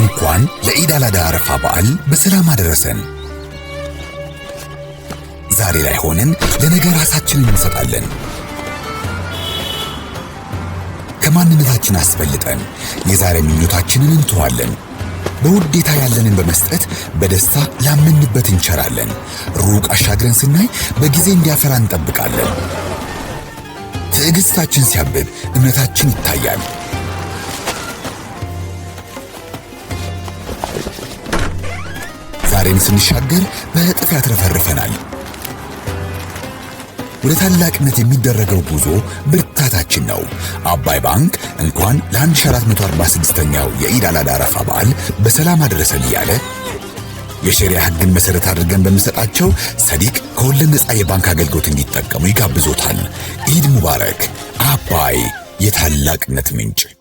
እንኳን ለኢድ አላዳ አረፋ በዓል በሰላም አደረሰን። ዛሬ ላይ ሆነን ለነገ ራሳችንን እንሰጣለን። ከማንነታችን አስበልጠን የዛሬ ምኞታችንን እንተዋለን። በውዴታ ያለንን በመስጠት በደስታ ላመንበት እንቸራለን። ሩቅ አሻግረን ስናይ በጊዜ እንዲያፈራ እንጠብቃለን። ትዕግሥታችን ሲያብብ እምነታችን ይታያል። ባህሬን ስንሻገር በእጥፍ ያትረፈርፈናል። ወደ ታላቅነት የሚደረገው ጉዞ ብርታታችን ነው። አባይ ባንክ እንኳን ለ1446ኛው የኢድ አል አረፋ በዓል በሰላም አደረሰን እያለ የሸሪያ ሕግን መሠረት አድርገን በሚሰጣቸው ሰዲቅ ከወለድ ነፃ የባንክ አገልግሎት እንዲጠቀሙ ይጋብዞታል። ኢድ ሙባረክ! አባይ የታላቅነት ምንጭ